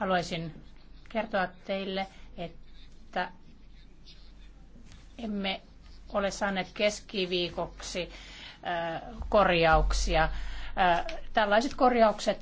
Haluaisin kertoa teille, että emme ole saaneet keskiviikoksi äh, korjauksia. Äh, tällaiset korjaukset